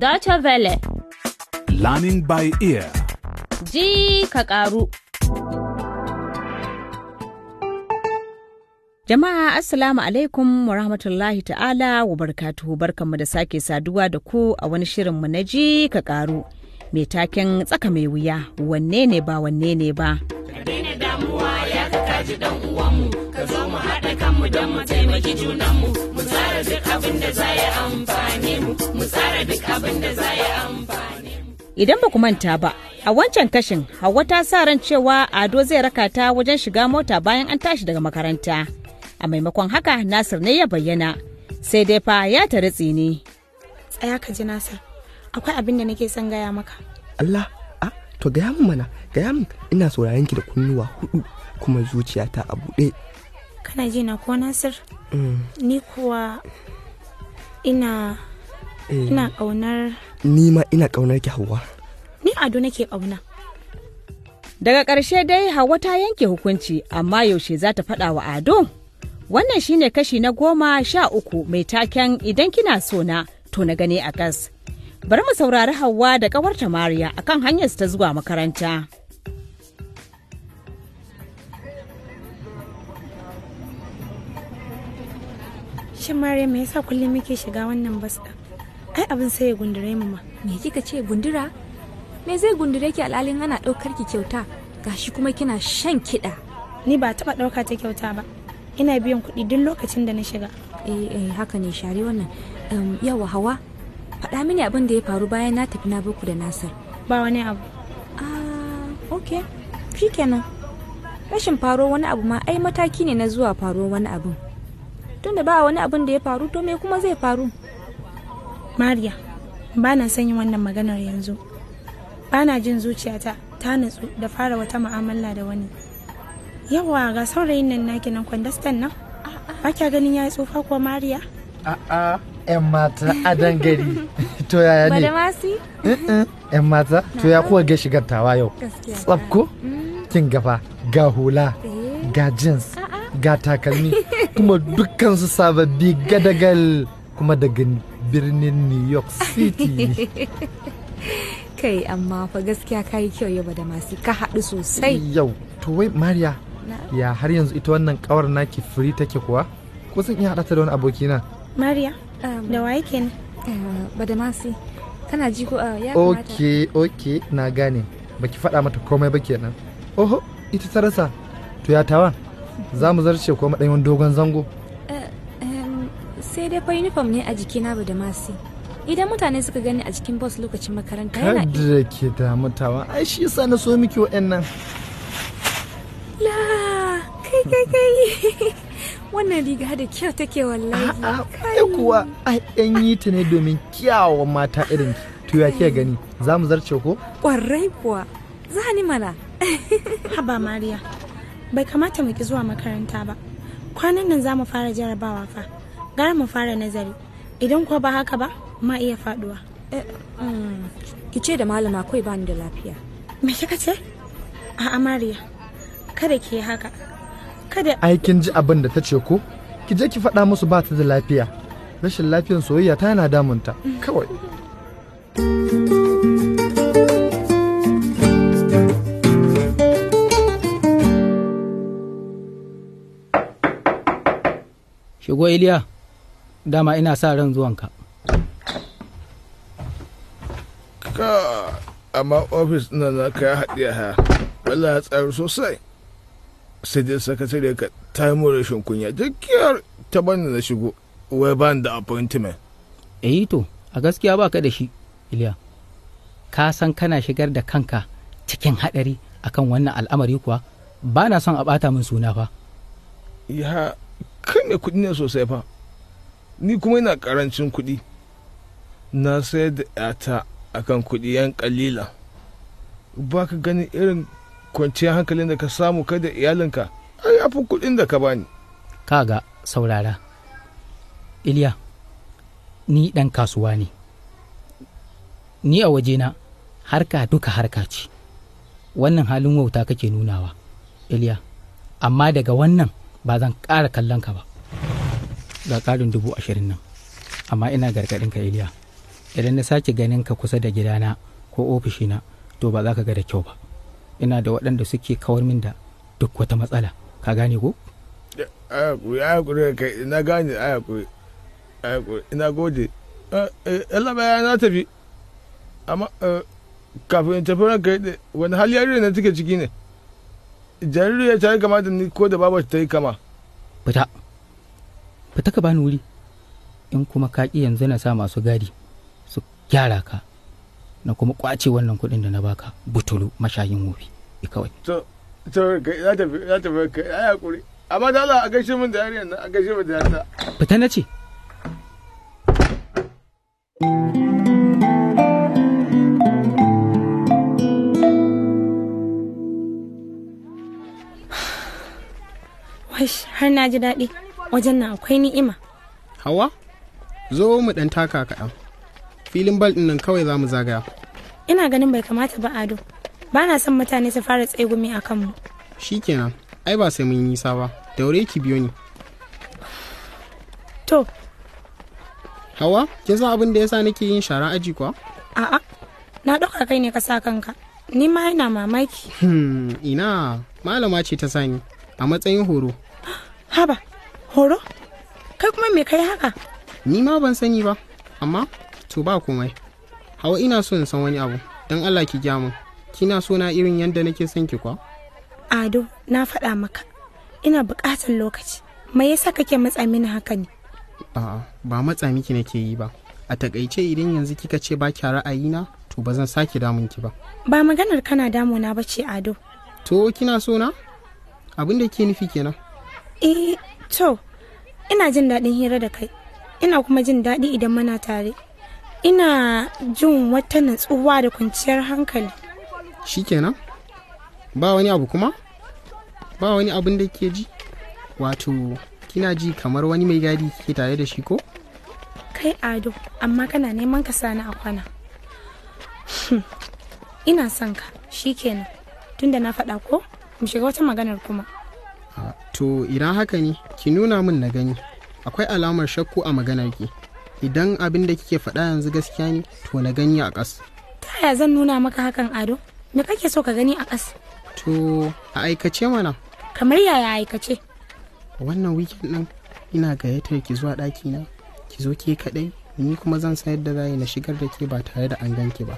Deutsche Welle. Learning by ear. Ji ka ƙaru. Jama'a Assalamu alaikum wa rahmatullahi ta'ala wa barkatuhu barkanmu da sake saduwa da ku a wani shirin mu na ji ka karu Mai taken tsaka mai wuya wanne ne ba wanne ne ba. Ka damuwa ji dan uwanmu ka zo mu haɗa kanmu don mu taimaki junanmu mu tsara duk abin da za ya amfani mu mu tsara duk abin da za ya amfani Idan ba ku manta ba, a wancan kashin Hauwa ta sa ran cewa Ado zai raka ta wajen shiga mota bayan an tashi daga makaranta. A maimakon haka Nasir ne ya bayyana, sai dai fa ya tare tsini. Tsaya ka ji Nasir, akwai abin da nake son gaya maka. Allah, a to gaya mana, gaya min ina saurayen ki da kunnuwa hudu. kuma zuciyata a buɗe kana ji na ko nasir mm. ni kuwa ina eh. ina ƙaunar ni ma ina ƙaunar ki hawa ni ado nake ƙauna daga ƙarshe dai hawa ta yanke hukunci amma yaushe za ta faɗa wa ado wannan shine kashi na goma sha uku mai taken idan kina so na to na gani a gas bari mu saurari hawa da ƙawarta mariya akan hanyar ta zuwa makaranta shin mariya me yasa kullum muke shiga wannan bas din ai abin sai ya gundure mu ma me kika ce gundura me zai gundure ki alalin ana ɗaukar ki kyauta gashi kuma kina shan kiɗa ni ba taɓa ɗauka ta kyauta ba ina biyan kuɗi duk lokacin da na shiga eh eh haka ne share wannan um, yawa hawa faɗa mini abin da ya faru bayan na tafi na boko da nasar ba wani abu ah okay shikenan rashin faro wani abu ma ai mataki ne na zuwa faro wani abin tunda ba wani abin da ya faru to me kuma zai faru mariya ba na son yin wannan maganar yanzu ba na jin zuciyata ta natsu da fara wata mu'amala da wani yawa ga saurayin nan naki nan kwandastan nan ba kya ganin ya yi tsufa ko mariya a'a yan mata a dangare to yaya ne yan mata to ya kuwa ga shigar tawa yau tsabko mm. kin gafa ga hula eh. ga jeans ga takalmi kuma dukkansu sababbi gadagal kuma daga birnin new york city kai amma fa gaskiya ka yi kyau yaba da masu ka haɗu sosai yau to wai mariya ya har yanzu ita wannan kawar naki firi take kuwa ko zan iya haɗa ta da wani abokina mariya um, da waye kenan uh, badamasi kana ji ko uh, ya oke oke na gane baki faɗa mata komai ba kenan oho ita ta rasa to ya tawa za mu zarce ko maɗanyen dogon zango eh, sai dai fa uniform ne a jikina ba da masi idan mutane suka gani a cikin bus lokacin makaranta yana kada ke damatawa ai shi yasa na so miki nan la kai kai kai wannan riga da kyau take wallahi ai kuwa ai an yi ta ne domin kyawawan mata irin to ya ke gani za mu zarce ko kwarai kuwa za ni mana haba mariya bai kamata mu ki zuwa makaranta ba kwanan nan za mu fara jarabawa fa gara mu fara nazari idan kuwa ba haka ba ma iya faduwa eh, hmm, ki ce da malama ba bani da lafiya me kika ce a amariya kada ki yi haka kada ai kin ji abin da ta ce ko ki je ki faɗa musu ba ta da lafiya rashin lafiyar soyayya ta yana damunta kawai shigo iliya dama ina sa ran zuwanka ka amma ofis na na ka ya haɗe ha wala ya tsari sosai sai dai sakatare ka ta yi rashin kunya jikiyar ta bani na shigo wai ban da appointment eh to a gaskiya ba ka da shi iliya ka san kana shigar da kanka cikin haɗari akan wannan al'amari kuwa ba na son a ɓata min suna fa ya kai mai kuɗi ne sosai fa ni kuma yana karancin kuɗi na sayar da 'yata akan kuɗi yan kalila ba ka gani irin kwanciyar hankalin da ka samu kai da iyalinka A ya fi kuɗin da ka bani kaga saurara iliya ni ɗan kasuwa ne ni a waje na harka duka harka ce wannan halin wauta kake nunawa iliya amma daga wannan ba zan ƙara kallon ka ba ga ƙarin dubu ashirin nan amma ina gargaɗin ka iliya idan na sake ganin ka kusa da gidana ko ofishina to ba za ka ga da kyau ba ina da waɗanda suke kawar min da duk wata matsala ka gane ko na gane ina gode eh, eh, Allah na tafi amma eh, kafin tafi ranka wani hali yare na take ciki ne jariri ya yi kama da ni ko da babar ta yi kama fita fita ka bani wuri in kuma ka ƙi yanzu na sa masu gadi su gyara ka na kuma kwace wannan kuɗin da na baka butulu mashayin wofi kawai to to ya tafi ya tafi ka ya hakuri amma da Allah a gaishe mun da yariyar a gaishe mun da yarta fita na ce thank you har na ji daɗi wajen nan akwai ni'ima hawa zo mu ɗan taka kaɗan filin bal ɗin nan kawai za mu zagaya ina ganin bai kamata ba ado ba na son mutane su fara tsegumi a kanmu shikenan ai ba sai mun yi nisa ba daure ki biyo ni to hawa kin san abin da yasa nake yin shara aji kuwa a'a na ɗauka kai ne ka sa kanka ni ma yana mamaki hmm, ina malama ce ta sani a matsayin horo haba horo kai kuma me kai haka ni ma ban sani ba amma to ba komai hawa ina so in san wani abu don allah ki gya min kina so na irin yadda nake son ki kwa ado na faɗa maka ina buƙatar lokaci me yasa kake matsa mini haka ne a'a ba matsa miki nake yi ba a takaice idan yanzu kika ce ba ki na to ba zan sake damun ki ba ba maganar kana damuna ba ce ado to kina so na abin da ke nufi kenan eh to ina jin daɗin hira da kai ina kuma jin daɗi idan muna tare ina jin wata natsuwa da kwanciyar hankali shikenan ba wani abu kuma ba wani abin da ke ji wato kina ji kamar wani mai gadi ke tare da shi ko kai ado amma kana neman ka sani a kwana hmm, ina son ka shikenan tunda na faɗa ko mu shiga wata maganar kuma To idan haka ne, ki nuna min na gani. Akwai alamar shakku a ki Idan abin da kike faɗa yanzu gaskiya ne, to na gani a ƙas. Ta yaya zan nuna maka hakan ado? Me kake so ka gani a ƙas? To a aikace mana. Kamar yaya aikace? Wannan weekend ɗin ina gayyatar ki zuwa ɗakina, ki zo ke kaɗai, ni kuma zan san yadda za na shigar da ke ba tare da an ganki ba.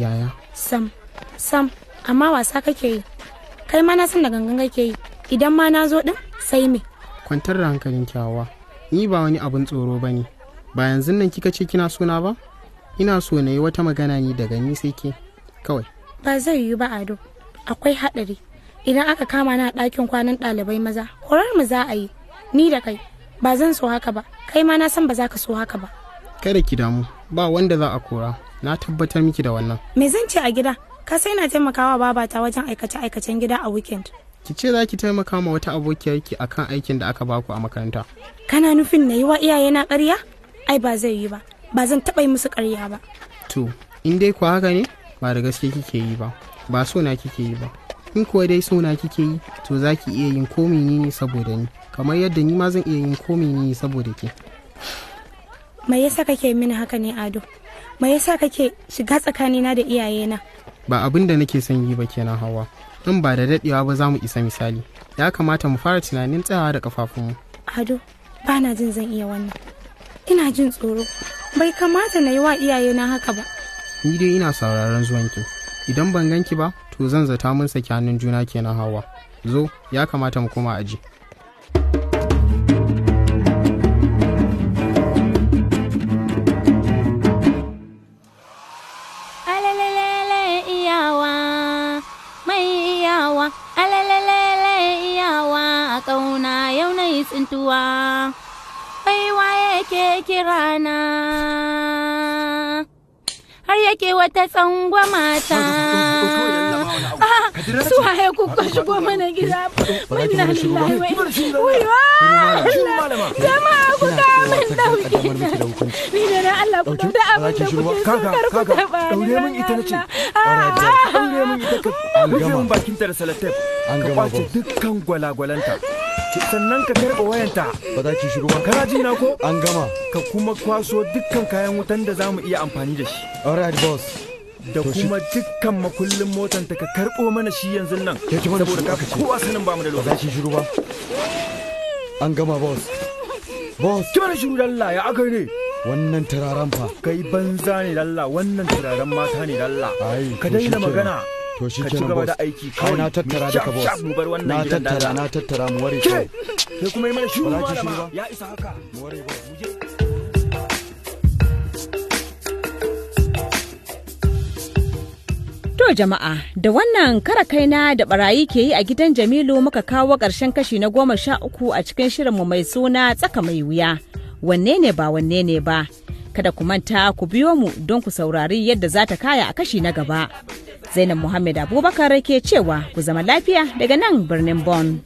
Yaya? Sam, sam, amma wasa kake yi. Kai ma na san da gangan kake yi. idan ma na zo ɗin sai me kwantar da hankalin kyawawa ni ba wani abin tsoro ba ne ba yanzu nan kika ce kina suna ba ina so na yi wata magana ni daga ni sai ke kawai ba zai yiwu ba ado akwai haɗari idan aka kama na ɗakin kwanan ɗalibai maza horar mu za a yi ni da kai ba zan so haka ba kai ma na san ba za ka so haka ba kada ki damu ba wanda za a kora na tabbatar miki da wannan me zan ce a gida ka sai na taimakawa babata wajen aikace-aikacen gida a weekend ki ce za ki taimaka ma wata abokiyarki akan aikin da aka baku a makaranta kana nufin na yi wa iyayena ƙarya ai ba zai yi ba ba zan taɓa yi musu karya ba to in dai ku haka ne ba da gaske kike yi ba ba so na kike yi ba in kuwa dai so na kike yi to za ki iya yin ko ne saboda ni kamar yadda ni ma zan iya yin ko ne saboda ke me yasa kake mini haka ne ado me yasa kake shiga tsakanina da iyayena ba abin da nake son yi ba kenan hawa nan ba da daɗewa ba za mu isa misali ya kamata mu fara tunanin tsayawa da kafafunmu ado ba na jin zan iya wannan ina jin tsoro bai kamata na yi wa iyayena haka ba ni dai ina sauraron zuwanki idan ban ganki ba to zan zata mun saki hannun juna kenan hawa zo ya kamata mu koma aji yi tsintuwa baiwa yake kirana har yake wata tsangwama ta su haye kuka shigo mana gida muna lillahi waiwa zama ku ka kamun dauki ni da na Allah ku da abin da kuke so kar ku taba daure min ita nace daure min ita ka rufe min bakin ta da salatai ka kwace dukkan gwalagwalanta sannan ka karɓa wayanta ba za ki shiru ba kana ji na ko an gama ka kuma kwaso dukkan kayan wutan da za mu iya amfani da shi alright boss da kuma dukkan makullin motan ta ka karɓo mana shi yanzu nan saboda ka kowa sanin ba mu da lokaci ba za ki shiru ba an gama boss boss ki mana shiru dalla ya akai ne wannan turaren fa kai banza ne dalla wannan turaren mata ne dalla ka daina magana to shi ke nan aiki na tattara boss na tattara na tattara mu ware sai kuma yi shiru ya isa haka mu ware ba mu jama'a da wannan kara kaina da barayi ke yi a gidan Jamilu muka kawo ƙarshen kashi na goma sha uku a cikin shirinmu mai suna tsaka mai wuya. Wanne ne ba wanne ne ba. Kada ku manta ku biyo mu don ku saurari yadda za ta kaya a kashi na gaba. Zainab Muhammad Abubakar ke cewa ku zama lafiya daga nan birnin Bon.